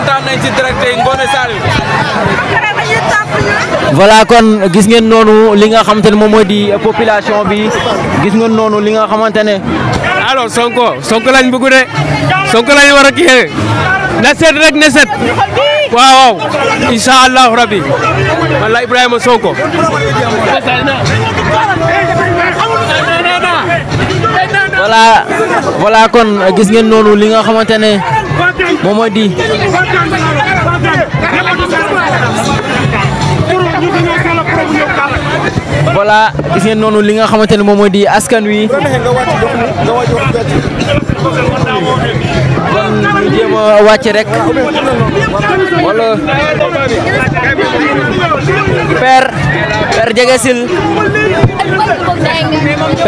kontaan kon gis ngeen noonu li nga xamante ne moom moo di population bi gis ngeen noonu li nga xamante ne. alors Sonko Sonko lañ bëgg de Sonko lañ war a kii na seet rek na set waaw waaw incha allahu rabi man la Sonko. voilà voilà kon gis ngeen noonu li nga xamante ne moom moo di. voilà gis ngeen noonu li nga xamante ne moom moo di askan wi kon ñu jéem a wàcc wala père. per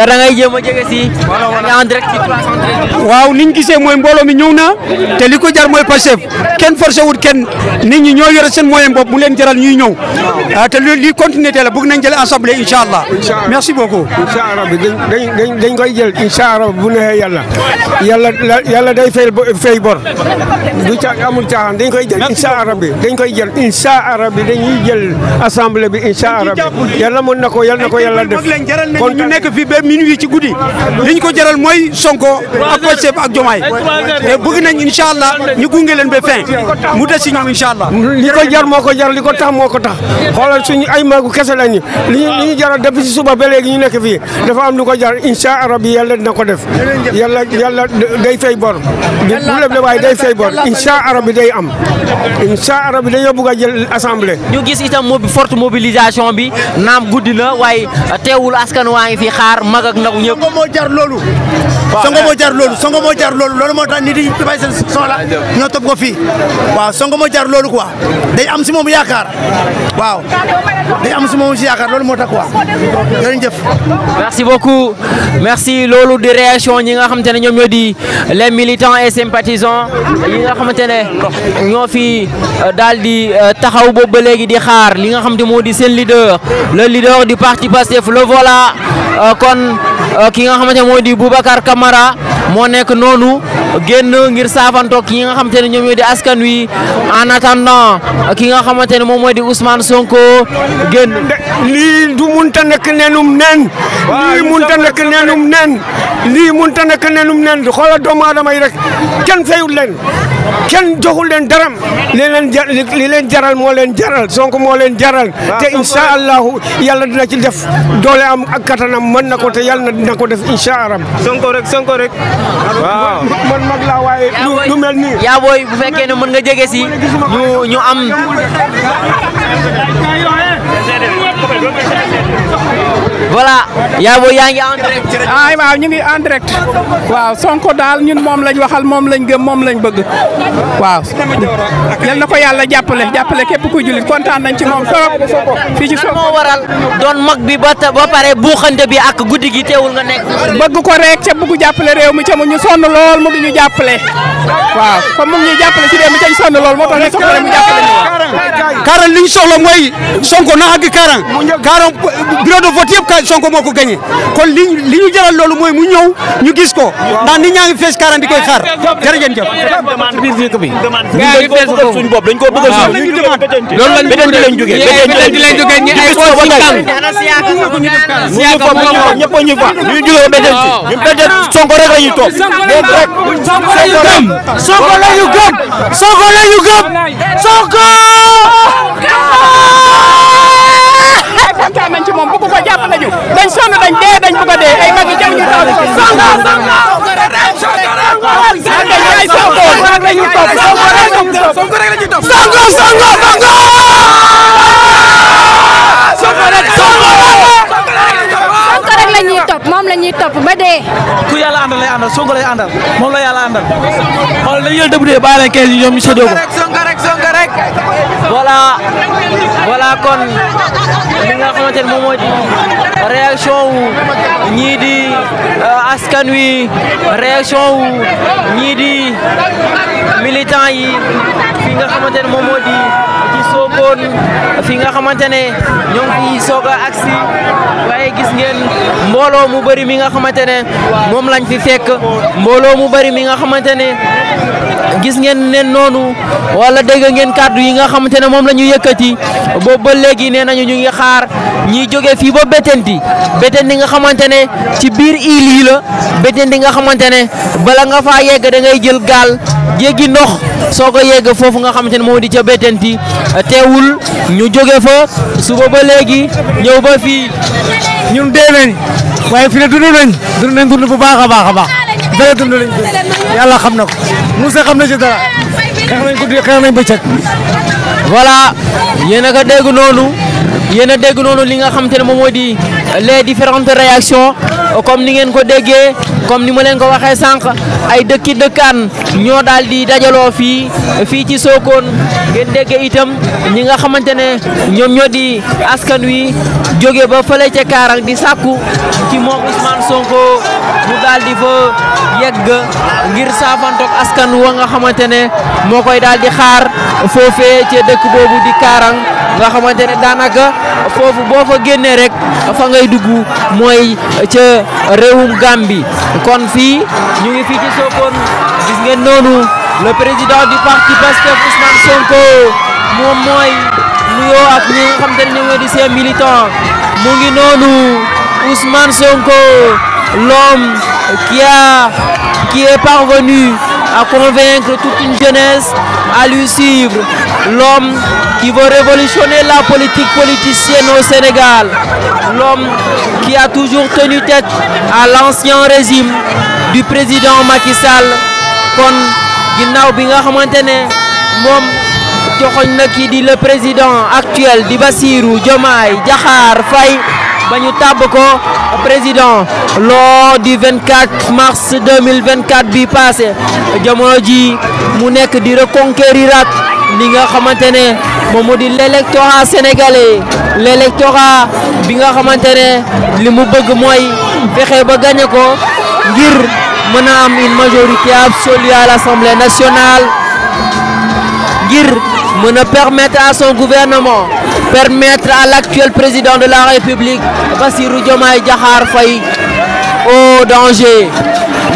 da ngay jéem a jege si en waaw niñ gisee mooy mbooloo mi ñëw na te li ko jar mooy Pastef kenn forcé wut kenn nit ñi ñoo yore seen moyen bopp mu leen jaral ñuy ñëw ah, te li continué teel a bëgg nañ jël assemblée incha allah merci beaucoup incha allah bi dañ dañ koy jël incha allah bu neexee yàlla yàlla yàlla day fay fay bor du dañ koy jël incha bi dañ koy jël incha yalla mën na ko yalla ko yàlla def kon ñu nekk fii ba minuit ci guddi li ñu ko jaral mooy Sonko ak Pastef ak Diomaye te bëgg nañ incha allah ñu gunge leen ba fin mu des si ñoom incha allah. li ko jar moo ko jar li ko tax moo ko tax xoolal suñu ay magu kese lañu li ñu ñu jaral depuis suba ba léegi ñu nekk fii dafa am lu ko jar incha rabbi yàlla na ko def yàlla yàlla day fay bor. bu leble waaye day fay bor incha rabbi day am incha rabbi dañoo bëgg a jël assemblée. ñu gis itam forte mobilisation bi. naam guddi na waaye teewul askan waa ngi fi xaar mag ak ndaw ñëpp. moo jar loolu. waaw songo moo jar loolu songo moo jar loolu loolu moo tax nit di bàyyi seen soxla ñoo topp ko fii waaw songo moo jar loolu quoi day am si moom yaakaar waaw day am si moom si yaakaar loolu moo tax quoi jërëjëf. merci beaucoup merci loolu di réaction ñi nga xamante ne ñoom ñoo di les militants et sympathisants yi nga xamante ne ñoo fi euh, daal di euh, taxaw boobu ba léegi di xaar li nga xam te moo di seen leader. le leader du parti Pastef le voilà euh, kon euh, ki nga xamante ne mooy di Boubacar Camara moo nekk noonu génn ngir saafantoog ki nga xamante ne ñoom ñoo di askan wi en ki nga xamante ne moom mooy di Ousmane Sonko génn. lii du munta nekk nenum nen. lii munta nekk nenum nen. lii mun ta nekk nenum nen xoola doomu aadama yi rek kenn fayul leen kenn joxul leen daram li leen jaral moo leen jaral Sonko moo leen jaral te incha allahu yàlla dina ci def doole am ak katanam mën na ko te yàlla na dina ko def incha allah. Sonko rek Sonko rek. waaw man mag laa waaye lu mel nii. yaa bu fekkee ne mën nga jege si ñu ñu am. voilà yaa booy yaa ngi en direct. ah waaw ñu ngi en direct. waaw Sonko daal ñun moom lañ waxal moom lañ gëm moom lañ bëgg. waaw yal ko yàlla jàppale jàppale képp ku jullit kontaan nañ ci moom trop. fii ci Sonko moo waral doon mag bi ba ba pare buuxante bi ak guddi gi teewul nga nekk. bëgg ko rek ca bëgg jàppale réew mi ca mu ñu sonn lool mu ngi ñu jàppale. waaw comme mu ngi ñuy jàppale ci réew mi ca sonn lool moo tax ñu soxla mu jàppale ñu li ñu soxla mooy Sonko na àgg Kaaràn. Kaaràn bureau ka Sonko moo ko kon li jaral loolu mooy mu ñëw ñu gis ko ndax nit ñaa fees kaaraan di koy xaar jërëjëf jëf suñu bopp ko loolu lañ bëgg lañ jógee bëgg lañ jógee ñi ko ci tang siaka ko ñëpp ñu fa ñu jógee ñu bëggal Sonko dañ sonn dañ dee dañ bëgg a dee ay mag yi jëm ñu taw Sonko Sonko rek la ñuy topp Sonko Sonko moom la topp ba dee. ku yàlla àndal lay àndal Sonko lay àndal moom la yàlla àndal xool dañu yël député bàyyi leen 15 yi ñoom ñu séddoo ko. voilà voilà kon li nga xamante ne moom di réaction wu ñii euh, askan wi réaction wu ñii di militant yi fi nga xamante ne moom di. nekkoon fi nga xamante ne ñoo ngi soog agsi waaye gis ngeen mbooloo mu bari mi nga xamante ne moom lañ fi fekk mbooloo mu bari mi nga xamante ne gis ngeen nen noonu wala dégg ngeen kàddu yi nga xamante ne moom la ñu yëkkati boobu ba léegi nee nañu ñu ngi xaar ñiy jóge fii ba Bettenty Bettenty nga xamante ne ci biir île yi la Bettenty nga xamante ne bala nga fa yegg da ngay jël gaal jéggi ndox soo ko yegg foofu nga xamante ne moom di ca Bettenty te teewul ñu joge fa suba ba léegi ñëw ba fii ñun dee nañ waaye fi ne dund nañ dund nañ dund bu baax a baax a baax dara dund lañ dund xam na ko Moussa xam na ci dara xeex nañ guddi xeex nañ ba voilà yéen a ko dégg noonu yéen a dégg noonu li nga xam te ne moom moo di le différentes réactions comme ni ngeen ko déggee comme ni ma leen ko waxee sànq ay dëkki dëkkaan ñoo daal di dajaloo fii fii ci Sokone ngeen déggee itam ñi nga xamante ne ñoom ñoo di askan wi jóge ba fële ca Kaarang di sàkku ci moom Ousmane Sonko mu daldi di fa yegg ngir saafantoog askan wa nga xamante ne moo koy daal di xaar foofee ca dëkk boobu di Kaarang nga xamante ne daanaka foofu boo fa génnee rek fa ngay dugg mooy ca réewum Gambie kon fii ñu ngi fii ci Sokone gis ngeen noonu le président du parti Pastef Ousmane Sonko moom mooy nuyoo ak ñi nga xam te ne di ses mu ngi noonu Ousmane Sonko l'homme qui qui est parvenu à convaincre toute une jeunesse à lui suivre. L'homme qui veut révolutionner la politique politicienne au Sénégal. L'homme qui a toujours tenu tête à l'ancien régime du président Macky Sall. kon ginnaaw bi nga xamante ne moom joxoñ na kii di le président actuel di Bassirou Diomaye Diakhar Faye ba ñu tàbb ko président lors du 24 mars 2024 bi passé jamono ji mu nekk di reconquérir ak li nga xamante ne moom di l'électorat sénégalais l'électorat bi nga xamante ne li mu bëgg mooy fexe ba gagné ko ngir mën a am une majorité absolue à l'Assemblée nationale ngir mën a permettre à son gouvernement permettre à l'actuel président de la République Bassirou Diomaye Diakhar Faye au danger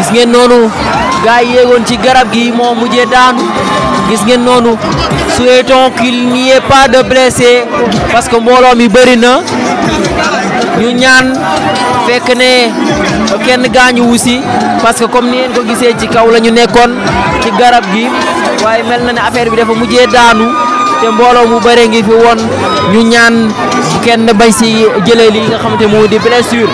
gis ngeen noonu gars yi yéegoon ci garab gi moo mujjee daanu gis ngeen noonu souhaitons qu'il n'y ait pas de blessés parce que mbooloo mi bëri na ñu ñaan fekk ne kenn gaañu wusi parce que comme ni ngeen ko gisee ci kaw la ñu nekkoon ci garab gi waaye mel na ne affaire bi dafa mujjee daanu te mbooloo mu bëre ngi fi woon ñu ñaan kenn bañ si jëlee li nga xamante moo di blessure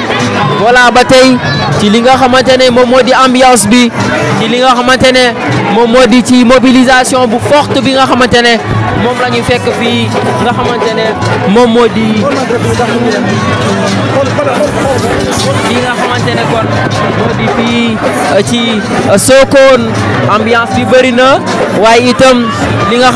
voilà ba tey ci li nga xamante ne moom moo di ambiance bi ci li nga xamante ne moom moo di ci mobilisation bu forte bi nga xamante ne moom la ñu fekk fii nga xamante ne moom moo di fii nga ci Sokone ambiance bi bëri waaye itam li nga